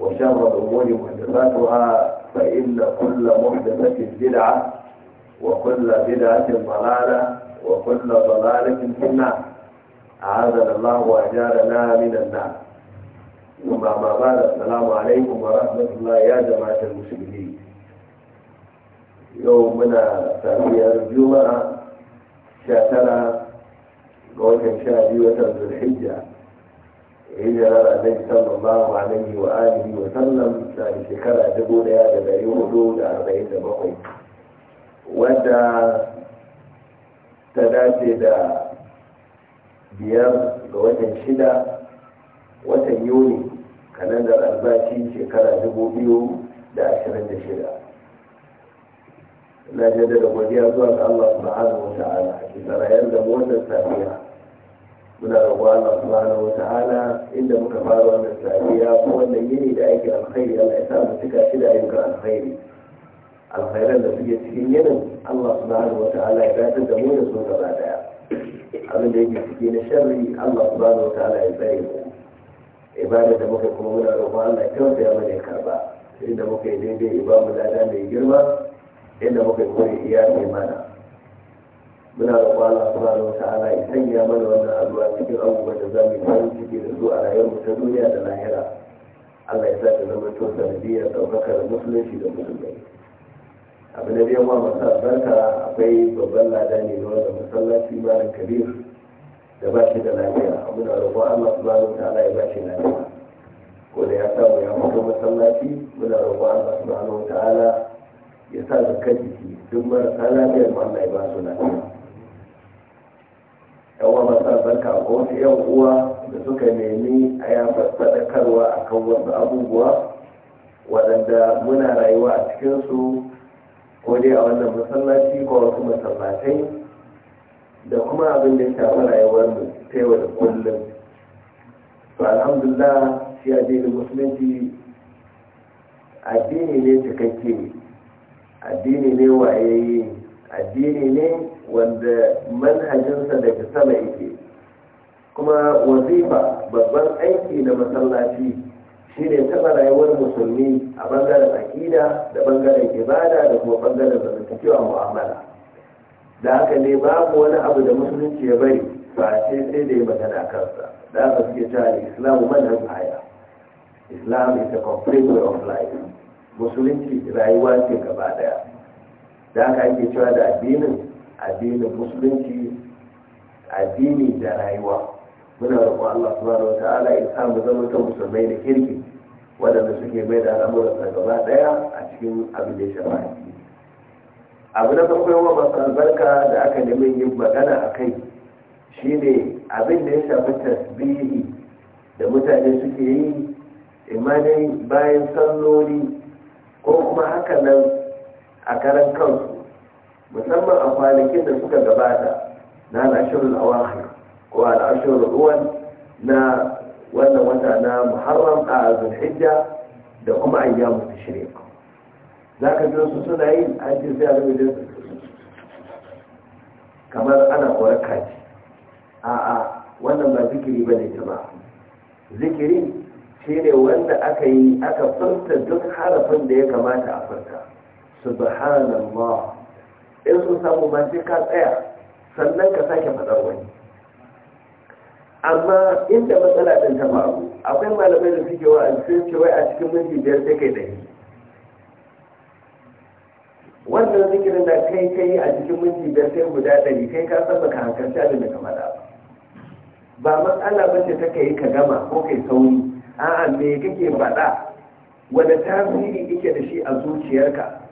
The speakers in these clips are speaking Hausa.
وشر الأمور محدثاتها فإن كل محدثة بدعة وكل بدعة ضلالة وكل ضلالة في النار أعاذنا الله وأجارنا من النار ثم ما بعد السلام عليكم ورحمة الله يا جماعة المسلمين يومنا ثانية الجمعة شاتنا قوة شادية ذو الحجة hijirar annabi sallallahu alaihi wa alihi wa sallam da shekara dubu daya da dari hudu da arba'in da bakwai wadda ta dace da biyar ga watan shida watan yuni kalandar albashi shekara dubu biyu da ashirin da shida na jaddada godiya zuwa ga Allah subhanahu wa ta'ala ki tsarayar da motar safiya muna roƙon Allah subhanahu wa ta'ala inda muka fara wannan safiya ko wannan yini da aikin alkhairi Allah ya sa mu cika shi da ayyukan alkhairi alkhairan da suke cikin yinin Allah subhanahu wa ta'ala ya dace da mu da su gaba daya abin da yake ciki na sharri Allah subhanahu wa ta'ala ya tsare mu ibada da muka kuma muna roƙon Allah ya kyauta ya mana karba inda muka yi daidai ya ba mu lada mai girma inda muka yi kuma ya iya mai mana muna roƙon Allah subhanahu ala ya sanya mana wannan addu'a cikin abubuwan da zamu yi farin ciki da su a rayuwar mu ta duniya da lahira Allah ya sa ta zama to sanadiyar da musulunci da musulmai abu na biyan wa masu albarka akwai babban lada ne na wanda masallaci malam kabir da ba shi da lafiya muna roƙon Allah subhanahu ala ya ba shi lafiya ko da ya samu ya fito masallaci muna roƙon Allah subhanahu ala ya sa zakar jiki duk marasa lafiyar mu Allah ya ba su lafiya yawa masu albarka ko wasu yan uwa da suka nemi a ya yafa karwa a kan wasu abubuwa waɗanda muna rayuwa a cikinsu ko dai a wannan masallaci ko wasu masallatai da kuma abin da ya shafi rayuwar mu ta yau da kullum to alhamdulillah shi addinin musulunci addini ne cikakke addini ne wayayye addini ne wanda manhajinsa daga sama yake kuma wazifa babban aiki na masallaci shine taɓa rayuwar musulmi a bangaren aƙida da bangaren ibada da kuma bangaren zamantakewa mu'amala da haka ne babu wani abu da musulunci ya bari face sai da ya magana kansa da haka suke cewa islamu manhaj haya islam is a complete way of life musulunci rayuwa ce gaba daya da haka ake cewa da addinin addinin musulunci addini da rayuwa muna roƙon Allah subhanahu wata'ala ya sa mu zama ta musulmai da kirki waɗanda suke mai da al'amuran gaba ɗaya a cikin abin da ya shafa abu na farko yawan masu albarka da aka nemi yin magana a kai shine abin da ya shafi tasbihi da mutane suke yi imanai bayan salloli ko kuma haka nan a karan kansu musamman a kwanakin da suka gabata na al'ashirul awakhir ko al'ashirul uwan na wannan wata na muharram a zulhijja da kuma ayyamu tashriq za ka ji wasu suna yin an ce sai a rubuta kamar ana korar kaji a'a wannan ba zikiri ba ne jama'a zikiri shine wanda aka yi aka furta duk harafin da ya kamata a furta subhanallah in sun samu ba sai ka tsaya sannan ka sake faɗar wani amma inda matsala ɗin ta faru akwai malamai da suke wa sun ce wai a cikin minti biyar sai kai ɗari wannan zikirin da kai kai a cikin minti biyar sai guda ɗari kai ka san baka hankalci abin da ka faɗa ba matsala ba ce ta kai ka gama ko kai sauri a'a me kake faɗa wanda tasiri yake da shi a zuciyarka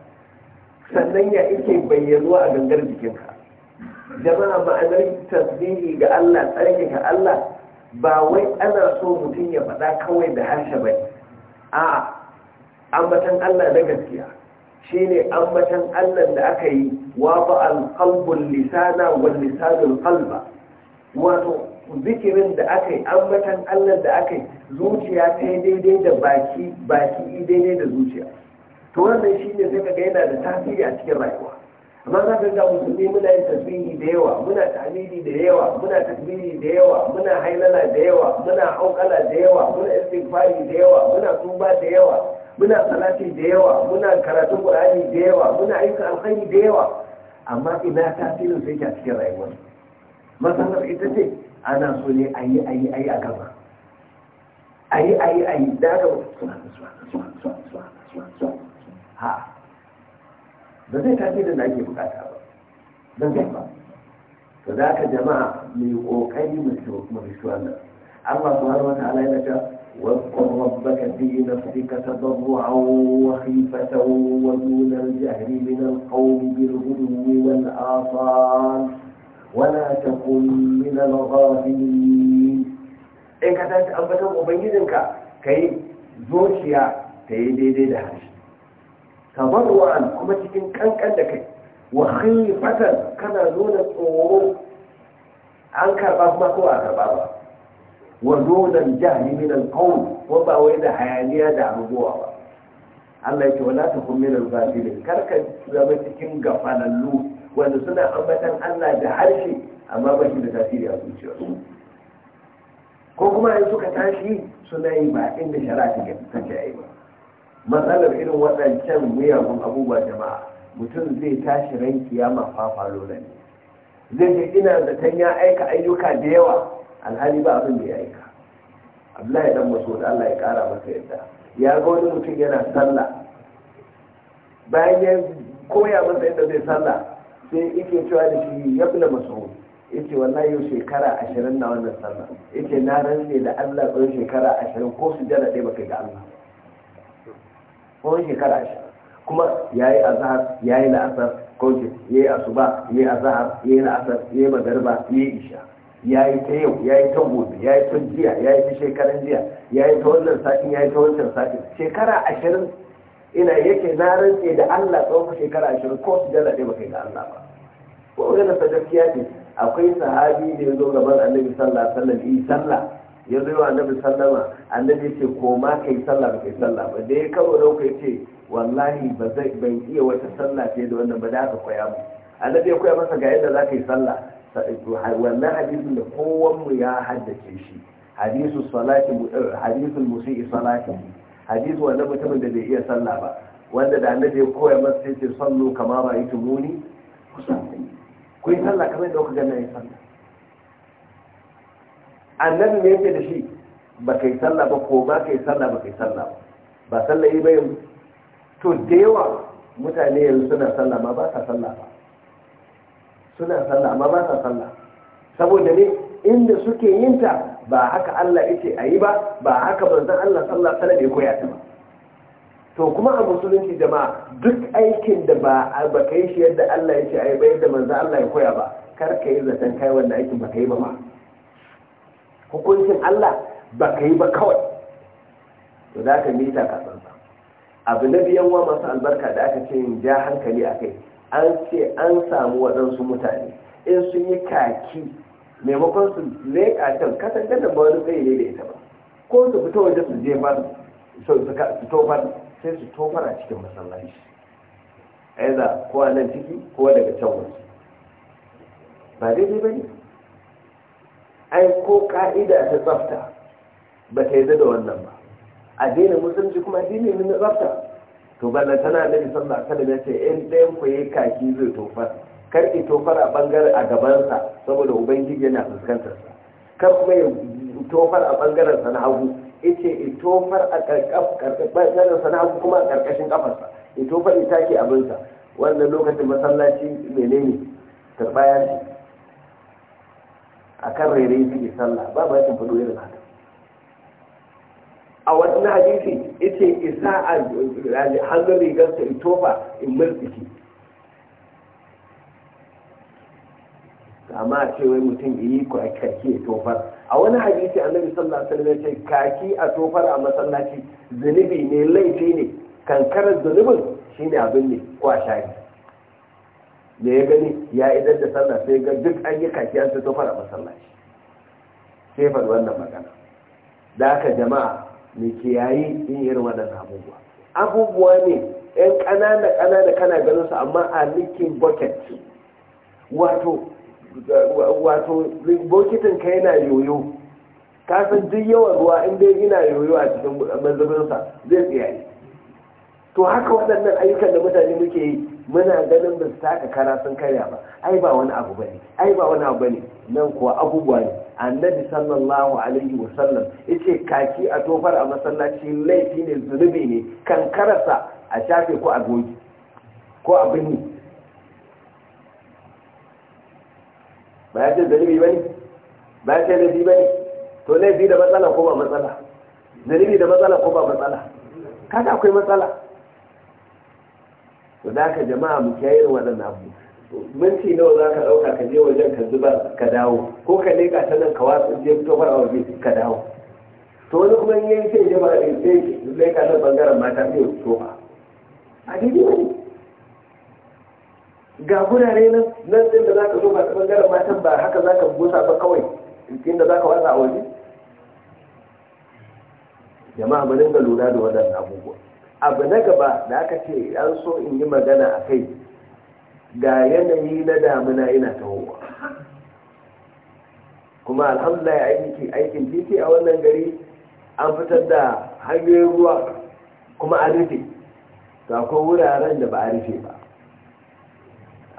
sannan ya ike bayyanuwa a gangar jikinka jama'a ma'anar tasbihi ga Allah tsarkake Allah ba wai ana so mutum ya faɗa kawai da harshe ba a ambatan Allah na gaskiya shi ne ambatan Allah da aka yi wa ba'al qalbul lisana wal lisanul qalba wato zikirin da aka yi ambatan Allah da aka yi zuciya ta daidai da baki baki daidai da zuciya to wannan shi ne sai kaga yana da tasiri a cikin rayuwa amma za ka ga musulmi muna yin tasbihi da yawa muna tahmidi da yawa muna takbiri da yawa muna hailala da yawa muna haukala da yawa muna istighfari da yawa muna tuba da yawa muna salati da yawa muna karatun qur'ani da yawa muna ayyukan alkhairi da yawa amma ina tasirin sai ke a cikin rayuwa masanar ita ce ana so ne a yi a yi a yi a gaba a yi a yi a yi da aka ha ba zai tasirin da ake bukata ba ba zai ba to da aka jama'a mai kokari mu rishi wannan Allah subhanahu wa ta'ala yana cewa واذكر ربك في نفسك تضرعا وخيفة ودون الجهر من القول بالغدو والآصال ولا تكن من الغافلين إن كانت أنبتا أبينك كي زوجيا تيدي دي دهش tabarru'an kuma cikin kankan da kai wa khifatan kana nuna tsoro an karba kuma ko a karba ba wa donan jahli min alqawl wa ba wai da hayaniya da abubuwa ba Allah yake wala takun min al-ghafilin karka zama cikin gafanallu wanda suna ambatan Allah da harshe amma ba shi da tasiri a zuciya ko kuma in suka tashi suna yi ba inda shari'a take yi ba matsalar irin waɗancan miyagun abubuwa jama'a mutum zai tashi ran kiyama fafalo ne zai ce ina zaton ya aika ayyuka da yawa alhali ba abin da ya aika abdullahi dan maso da Allah ya kara masa yadda ya ga wani mutum yana sallah bayan ya koya masa yadda zai sallah sai yake cewa da shi ya bula maso ce, wallahi yau shekara ashirin na wannan sallah ce na rantse da Allah tsawon shekara ashirin ko su jana ɗaya ba baka ga Allah tsawon shekara shi kuma ya yi azahar ya yi la'asar kawai ya yi asuba ya yi azahar ya yi la'asar ya yi magarba ya yi isha ya yi ta yau ya yi ta gobe ya yi ta jiya ya yi ta shekaran jiya ya yi ta wannan satin ya yi ta wancan satin shekara ashirin ina yake na rantse da Allah tsawon shekara ashirin ko su jala ɗaya baka yi da Allah ba ko wani sa gaskiya ce akwai sahabi da ya zo gaban annabi sallallahu alaihi wasallam yi sallah ya zo wa annabi sallama annabi ce ko ma kai sallah ba kai sallah ba da ya karo da kai ce wallahi ba zai ban iya wata sallah fiye da wannan ba da aka koya mu annabi ya koya masa ga yadda za ka yi sallah wannan hadisin da kowan mu ya haddace shi hadisu salati eh, hadisul musii salati hadisu wannan mutumin da bai iya sallah ba wanda da annabi ya koya masa sai ce sallu kama ba yi tumuni ku yi sallah kamar da kuka ga na yi sallah annabi ne yake da shi ba kai sallah ba ko ba kai sallah ba kai sallah ba ba sallah yi bayan to da yawa mutane yanzu suna sallah ma ba sa sallah ba suna sallah amma ba sa sallah saboda ne inda suke yin ta ba haka Allah yake a yi ba ba haka manzon Allah sallah sallah bai koya ta ba to kuma a musulunci jama'a duk aikin da ba a baka shi yadda Allah yake a yi ba yadda manzon Allah ya koya ba kar ka yi zaton kai wanda aikin ka yi ba ma hukuncin Allah ba ka yi ba kawai to za ka mita kasansa abu na biyan wa masu albarka da aka ce ja hankali a kai an ce an samu waɗansu mutane in sun yi kaki maimakon su leƙa can kasance da wani tsaye ne da ita ba ko su fito waje su je ba su tofar sai su tofar a cikin masallaci aiza ko a nan ciki ko daga can wasu ba daidai ba ne ai ko ka'ida ta tsafta ba ta yi da wannan ba A addinin musulunci kuma dina yi na tsafta to balla tana da sallah kada ya ce 'Yan ɗayan ku yi kaki zai tofar kar ki tofar a bangare a gabansa saboda ubangiji yana fuskantar sa kar kuma ya tofar a bangaren sa na hagu yace ya tofar a karkashin sa na hagu kuma a karkashin kafarsa ya tofar ya take abinsa wannan lokacin masallaci menene turbaya ce a kan yi suke sallah ba ba yakin fado irin haka a wani hadisi ita isa a eh, hannun rigarsa itofa in mulkiki amma a ce wai mutum yi kaki a tofar a wani hadisi annabi sallallahu alaihi wasallam ya ce kaki a tofar a masallaci zunubi ne laifi ne kankarar zunubin shine abin ne ko a da ya gani ya idan da sallah sai ga duk an yi kaki an fito fara masallaci sai faɗi wannan magana da aka jama'a ke kiyayi in irin wannan abubuwa abubuwa ne yan ƙanana ƙanana kana ganin su amma a nikin bucket wato wato bokitin ka yana yoyo ka san duk yawan ruwa in dai ina yoyo a cikin manzabinsa zai tsiyaye to haka waɗannan ayyukan da mutane muke yi muna ganin ba su taka kara sun karya ba ai ba wani abu bane ai ba wani abu bane nan kuwa abubuwa ne annabi sallallahu alaihi wa sallam yace kaki a tofar a masallaci laifi ne zunubi ne kankararsa a shafe ko a goji ko a bini ba ya ce zunubi bane ba ya ce laifi bane to laifi da matsala ko ba matsala zunubi da matsala ko ba matsala Kada akwai matsala to da ka jama'a mu kiyaye waɗannan abu minti nawa za ka ɗauka ka je wajen ka zuba ka dawo ko ka leƙa ta nan ka watsa je ta fara waje ka dawo to wani kuma in yayi sai jama'a ɗin zai leƙa nan bangaren mata sai fito ba a gidi wani ga gurare nan nan ɗin da za ka zo ba ta bangaren matan ba haka za ka busa ba kawai inda za ka watsa a waje jama'a mu dinga lura da waɗannan abubuwa abu na gaba da aka ce an so in yi magana a kai ga yanayi na damuna ina tawowa kuma alhamdulillah aiki aikin titi a wannan gari an fitar da hanyoyin ruwa kuma a rufe ga akwai wuraren da ba a rufe ba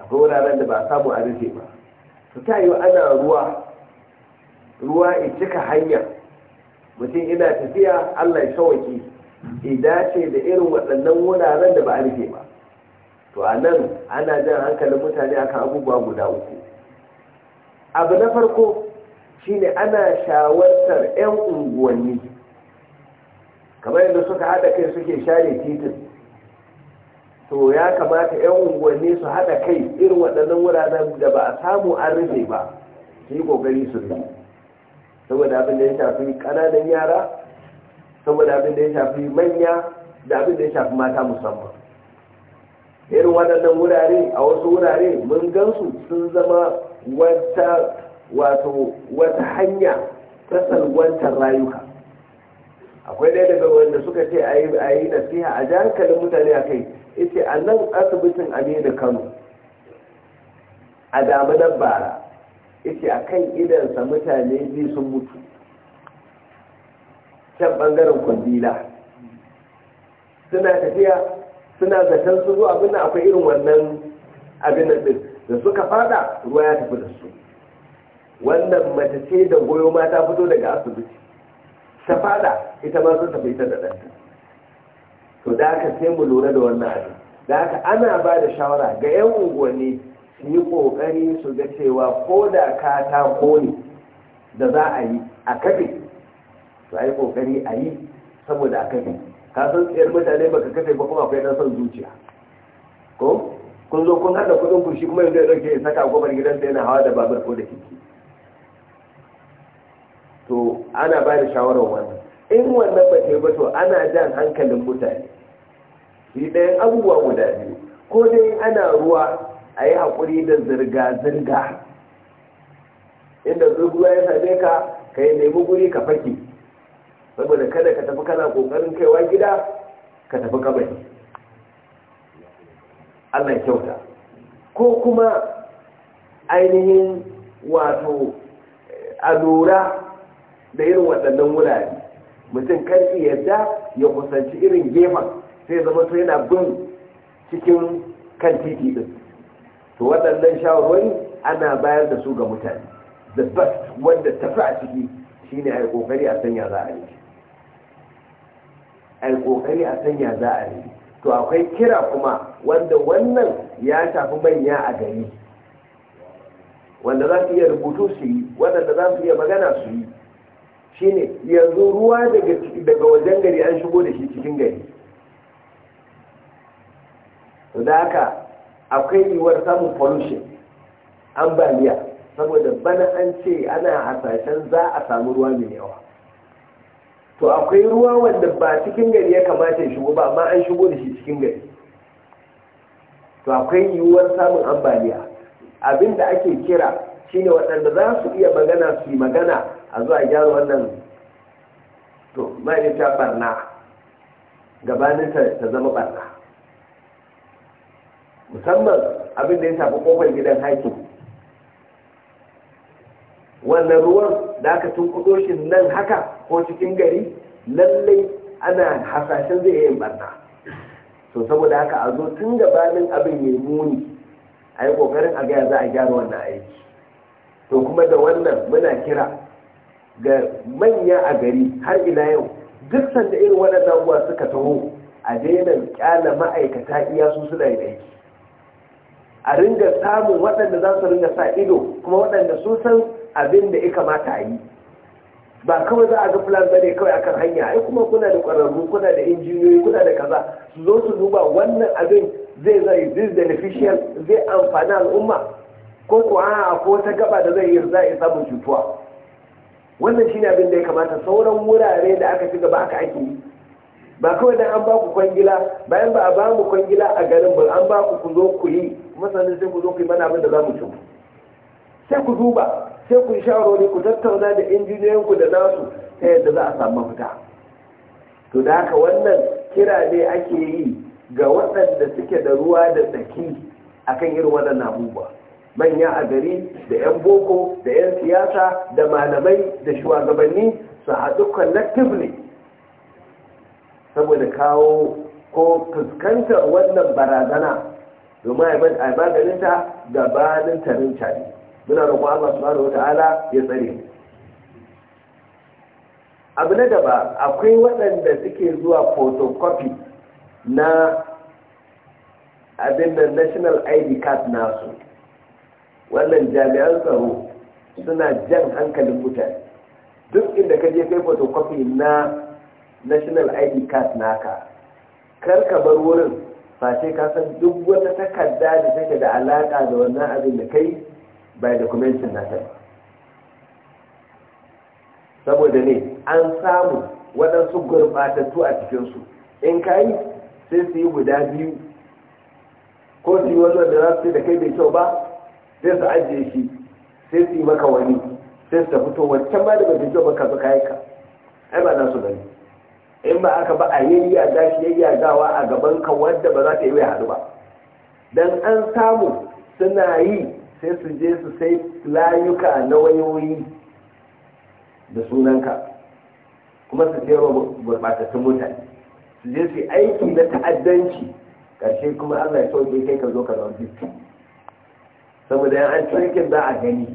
akwai wuraren da ba a samu a rufe ba su ta yi ana ruwa ruwa in cika hanya mutum ina tafiya allah ya shawaki dace da irin waɗannan wuraren da ba a rufe ba to a nan ana jan hankalin mutane akan abubuwa guda uku abu na farko shine ana shawartar 'yan unguwanni kamar yadda suka haɗa kai suke share titin to ya kamata 'yan unguwanni su haɗa kai irin waɗannan wuraren da ba a samu an rufe ba su yi ƙoƙari su rufe saboda abin da ya shafi ƙananan yara saboda abin da ya shafi manya da abin da ya shafi mata musamman irin waɗannan wurare a wasu wurare mun gansu sun zama wata wato wata hanya ta salwantar rayuka akwai ɗaya daga wanda suka ce a yi nasiha a Kalin mutane a kai ita a nan asibitin aminu kano a damu bara ita a kan idansa mutane biyu sun mutu can bangaren kwandila suna tafiya suna zaton su zuwa abin akwai irin wannan abin da da suka fada ruwa ya tafi da su wannan mace ce da goyo ma ta fito daga asibiti ta fada ita ma sun tafi ita da ɗanta to da aka sai mu lura da wannan abin da aka ana ba da shawara ga 'yan unguwanni su yi ƙoƙari su ga cewa ko da ka ta kone da za a yi a kafe to ai kokari a yi saboda a kai ka san tsayar mutane baka kafe ba kuma akwai dan son zuciya ko kun zo kun hada kudin ku shi kuma yanzu ya dauke ya saka gobar gidansa yana hawa da babur ko da kiki to ana ba da shawarar wannan in wannan ba ba to ana jan hankalin mutane shi ɗayan abubuwa guda biyu ko dai ana ruwa a yi haƙuri da zirga-zirga inda ruwa ya same ka ka yi nemi guri ka fake saboda kada ka tafi kana kokarin kaiwa gida ka tafi kabari Allah kyauta ko kuma ainihin wato eh, a lura da irin waɗannan wurare mutum kan yadda ya kusanci irin gefen sai zama to yana bin cikin kan titi ɗin. to waɗannan shawarwari ana bayar da su ga mutane the best wanda tafi a ciki shine a yi kokari a sanya za a yi ai kokari a sanya za a yi to akwai kira kuma wanda wannan ya shafi manya a gari wanda za su iya rubutu su yi wanda za su iya magana su yi shine yanzu ruwa daga wajen gari an shigo da shi cikin gari to da haka akwai yiwuwar samun pollution ambaliya saboda bana an ce ana hasashen za a samu ruwa mai yawa to akwai ruwa wanda ba cikin gari ya kamata ya shigo ba amma an shigo da shi cikin gari to akwai yiwuwar samun ambaliya abin da ake kira shine waɗanda za su iya magana su yi magana a zuwa gyara wannan to ma'aikata barna gabanin ta zama barna musamman abin da ya tafi kofar gidan haikin wannan ruwan da aka shi nan haka ko cikin gari lallai ana hasashen zai yi barna to saboda haka a zo tun gabanin abin ya muni a yi kokarin a gaya za a gyara wannan aiki to kuma da wannan muna kira ga manya a gari har ila yau duk sanda irin waɗannan abubuwa suka taho a daina kyala ma'aikata iya su suna yi aiki a ringa samun waɗanda za su ringa sa ido kuma waɗanda su san abin da ya kamata a yi ba kawai za a ga plan ne kawai akan hanya ai kuma kuna da ƙwararru kuna da injiniyoyi kuna da kaza su zo su duba wannan abin zai zai zai beneficial zai amfani al'umma ko ko a ko wata gaba da zai yi za a samun cutuwa wannan shine abin da ya kamata sauran wurare da aka ci gaba aka ake yi ba kawai dan an ba ku kwangila bayan ba a ba mu kwangila a garin ba an ba ku ku zo ku yi masanin sai ku zo ku yi mana abin da za mu ci sai ku duba sai ku ne ku tattauna da ku da nasu ta yadda za a samu mafita to da haka wannan kira ne ake yi ga waɗanda suke da ruwa da tsaki akan irin waɗannan abubuwa manya a gari da 'yan boko da 'yan siyasa da malamai da shugabanni su haɗu ne. saboda kawo ko fuskantar wannan barazana domin a yi maganinta gabanin tarin tarin muna roƙon Allah subhanahu wata'ala ya tsare abu na gaba akwai waɗanda suke zuwa photocopy na abin da national id card nasu wannan jami'an tsaro suna jan hankalin mutane duk inda ka je kai photocopy na national id card naka kar ka bar wurin face ka san duk wata takarda da take da alaƙa da wannan abin da kai by documentation na saboda ne an samu waɗansu gurɓatattu a cikinsu in ka yi sai su yi guda biyu ko su yi wani wanda za su da kai bai kyau ba sai su ajiye shi sai su yi maka wani sai su tafi to wancan ma da bai kyau ba ka zo kayan ka ai ba nasu su gani in ba aka ba a yayya gashi, shi yayya gawa a gaban ka wanda ba za ta yi wai haɗu ba dan an samu suna yi sai su je su sai layuka na wayoyi da sunanka kuma su sayarwa gurbatattun mutane su je su aiki na ta'addanci ƙarshe kuma allah ya sauke kai ka zo ka zama bitti saboda yan an cikin za a gani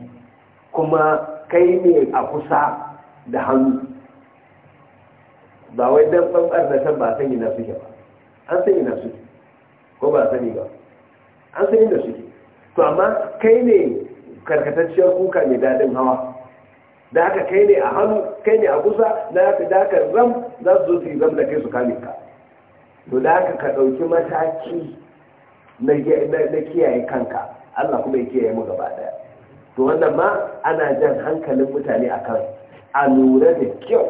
kuma kai ne a kusa da hannu ba wai dan ɓanɓar da san ba a yi na suke ba an san na suke ko ba sani ba an san na suke to amma kai ne karkatacciyar kuka mai daɗin hawa da haka kai ne a hannu kai ne a kusa da haka da haka zam za su zo su yi zam da kai su kame ka to da haka ka ɗauki mataki na kiyaye kanka Allah kuma ya kiyaye mu gaba daya to wannan ma ana jan hankalin mutane a kan a lura da kyau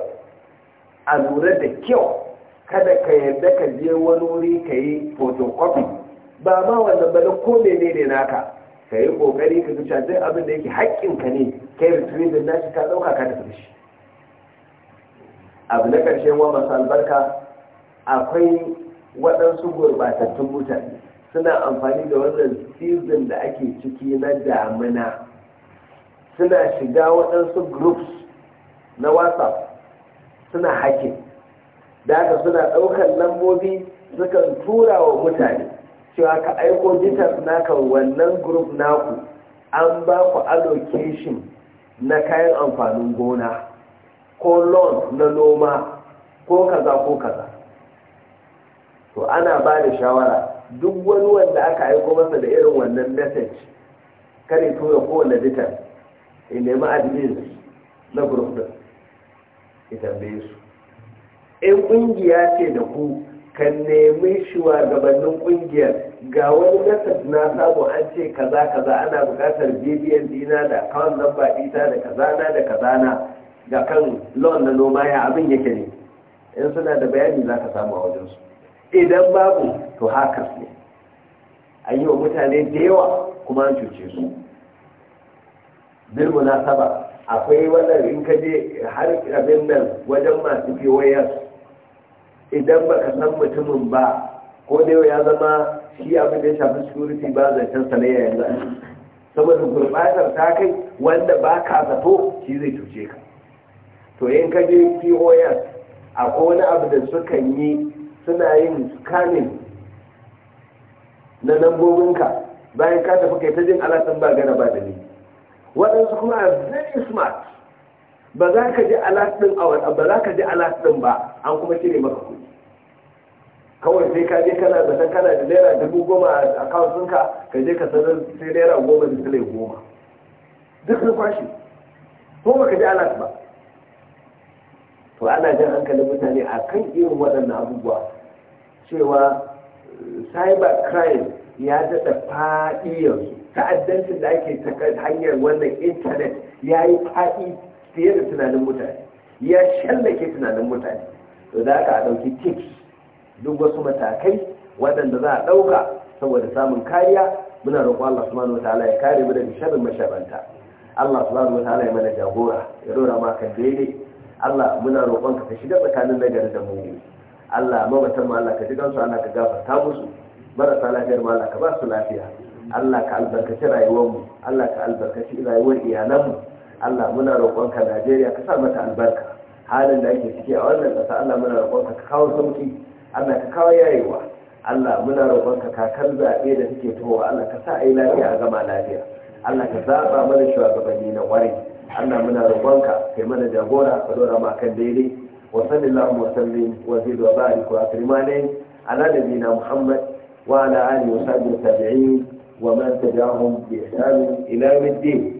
a lura da kyau kada ka yarda ka je wani wuri ka yi photocopy ba ma wannan ba na ko mene ne naka ka yi kokari ka zuciya duk abin da yake haƙƙinka ne ka yi na nashi ka ɗauka ka tafi shi abu na ƙarshen wa masu albarka akwai waɗansu gurɓatattun mutane suna amfani da wannan season da ake ciki na damina suna shiga waɗansu groups na whatsapp suna haƙƙin, da haka suna ɗaukar lambobi sukan tura wa mutane cewa ka aiko jitas naka wannan group naku an ba ku allocation na kayan amfanin gona ko loan na noma ko kaza ko kaza to ana ba da shawara duk wani wanda aka aiko masa da irin wannan message kare tura kowane jitas ya nemi admin na group din ita bai su in kungiya ce da ku Kan nemi shugabannin kungiyar ga wani nasar na samu an ce kaza kaza ana bukatar bbn dina da account lamba dita da kazana da kazana ga kan loan na noma ya abin yake ne in suna da bayani za ka samu a wajensu idan babu to haka ne an yi wa mutane da yawa kuma an cuce su bilmu na saba akwai wannan in ka je har abin nan wajen masu wayar idan baka san mutumin ba ko da ya zama shi abin da ya shafi security ba zancen ya yanzu saboda gurbatar ta kai wanda ba ka zato shi zai cuce ka to yin ka je pos akwai wani abu da suka yi suna yin scanning na lambobinka bayan ka tafi kai ta jin alasan ba gana ba da ni waɗansu kuma very smart ba za ka ji alas din a ba za ka ji alas din ba an kuma ne maka kuɗi kawai sai ka je kana da kana da naira dubu goma a account ka je ka sanar sai naira goma da silai goma duk sun kwashe ko ba ka ji alas ba to ana jan hankalin mutane a kan irin waɗannan abubuwa cewa eh, cyber crime ya daɗa faɗi yanzu ta'addancin da ake ta hanyar wannan intanet ya yi faɗi fiye da tunanin mutane ya shallake tunanin mutane to da aka ɗauki tiki duk wasu matakai waɗanda za a ɗauka saboda samun kariya muna roƙon Allah subhanahu wataala ya kare mu daga sharrin mashabanta Allah subhanahu wataala ya mana jagora ya dora ma kan daidai Allah muna roƙon ka ka shiga tsakanin nagari da mu. Allah mabatan mu Allah ka ji gansu Allah ka gafarta musu marasa lafiyar ma Allah ka ba su lafiya Allah ka albarkaci rayuwar mu, Allah ka albarkaci rayuwar iyalan mu. Allah muna roƙonka Najeriya ka sa mata albarka halin da ake ciki a wannan ƙasa Allah muna roƙonka ka kawo sauki Allah ka kawo yayewa Allah muna roƙonka kakar zaɓe da suke towa Allah ka sa yi lafiya a gama lafiya Allah ka zaɓa mana shugabanni na ƙwarai Allah muna roƙonka kai mana jagora ka dora mu kan daidai wa sallallahu wa sallim wa zid wa barik wa akrimani ala nabiyina Muhammad wa ala alihi wa sahbihi tabi'in wa man tabi'ahum bi ihsan ila yawm